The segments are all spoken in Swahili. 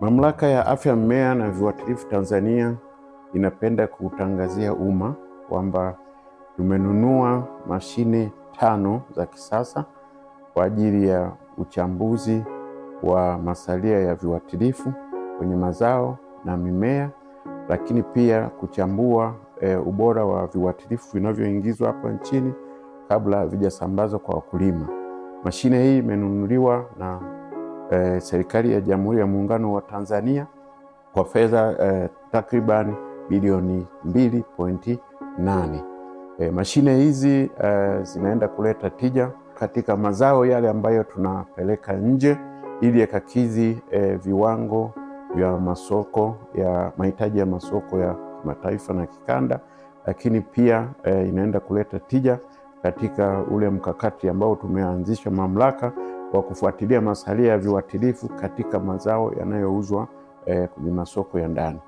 Mamlaka ya Afya Mmea na Viuatilifu Tanzania inapenda kuutangazia umma kwamba tumenunua mashine tano za kisasa kwa ajili ya uchambuzi wa masalia ya viuatilifu kwenye mazao na mimea, lakini pia kuchambua e, ubora wa viuatilifu vinavyoingizwa hapa nchini kabla havijasambazwa kwa wakulima. Mashine hii imenunuliwa na eh, serikali ya Jamhuri ya Muungano wa Tanzania kwa fedha eh, takriban bilioni 2.8. Eh, mashine hizi eh, zinaenda kuleta tija katika mazao yale ambayo tunapeleka nje ili yakakidhi eh, viwango vya masoko ya mahitaji ya masoko ya kimataifa na kikanda, lakini pia eh, inaenda kuleta tija katika ule mkakati ambao tumeanzisha mamlaka kwa kufuatilia masalia ya viuatilifu katika mazao yanayouzwa e, kwenye masoko ya ndani.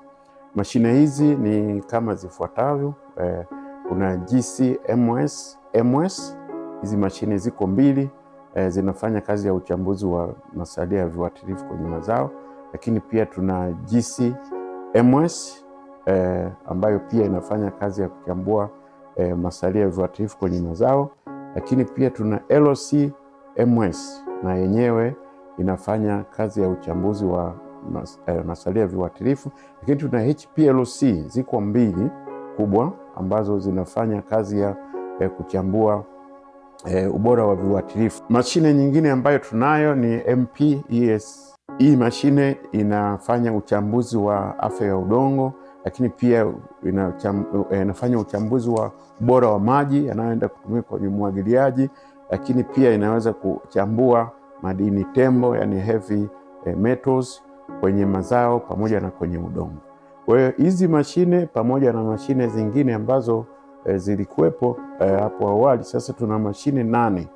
Mashine hizi ni kama zifuatavyo E, kuna GC MS, MS. Hizi mashine ziko mbili e, zinafanya kazi ya uchambuzi wa masalia ya viuatilifu kwenye mazao, lakini pia tuna GC MS e, ambayo pia inafanya kazi ya kuchambua e, masalia ya viuatilifu kwenye mazao, lakini pia tuna LC MS na yenyewe inafanya kazi ya uchambuzi wa mas, eh, masalia ya viuatilifu, lakini tuna HPLC ziko mbili kubwa ambazo zinafanya kazi ya eh, kuchambua eh, ubora wa viuatilifu. Mashine nyingine ambayo tunayo ni MPES. Hii mashine inafanya uchambuzi wa afya ya udongo lakini pia eh, inafanya uchambuzi wa ubora wa maji yanayoenda kutumika kwenye umwagiliaji lakini pia inaweza kuchambua madini tembo, yani heavy eh, metals kwenye mazao pamoja na kwenye udongo. Kwa hiyo hizi mashine pamoja na mashine zingine ambazo e, zilikuwepo e, hapo awali, sasa tuna mashine nane,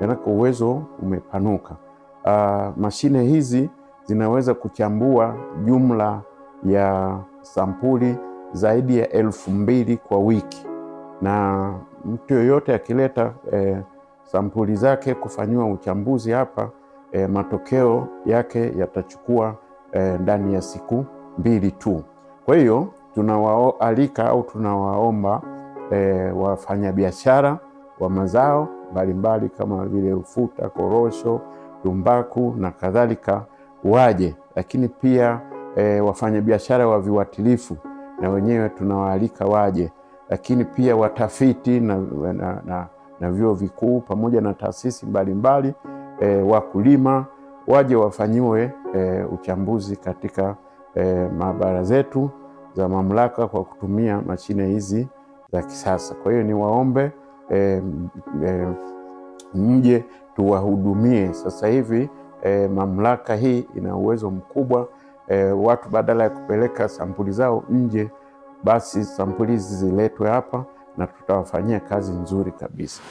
manake uwezo umepanuka. A, ah, mashine hizi zinaweza kuchambua jumla ya sampuli zaidi ya elfu mbili kwa wiki na mtu yoyote akileta e, sampuli zake kufanyiwa uchambuzi hapa e, matokeo yake yatachukua e, ndani ya siku mbili tu. Kwa hiyo tunawaalika au tunawaomba e, wafanyabiashara wa mazao mbalimbali kama vile ufuta, korosho, tumbaku na kadhalika waje, lakini pia e, wafanyabiashara wa viuatilifu na wenyewe tunawaalika waje, lakini pia watafiti na, na, na na vyuo vikuu pamoja na taasisi mbalimbali e, wakulima waje wafanyiwe e, uchambuzi katika e, maabara zetu za mamlaka kwa kutumia mashine hizi za kisasa. Kwa hiyo niwaombe e, e, mje tuwahudumie sasa hivi. E, mamlaka hii ina uwezo mkubwa e, watu badala ya kupeleka sampuli zao nje, basi sampuli hizi ziletwe hapa na tutawafanyia kazi nzuri kabisa.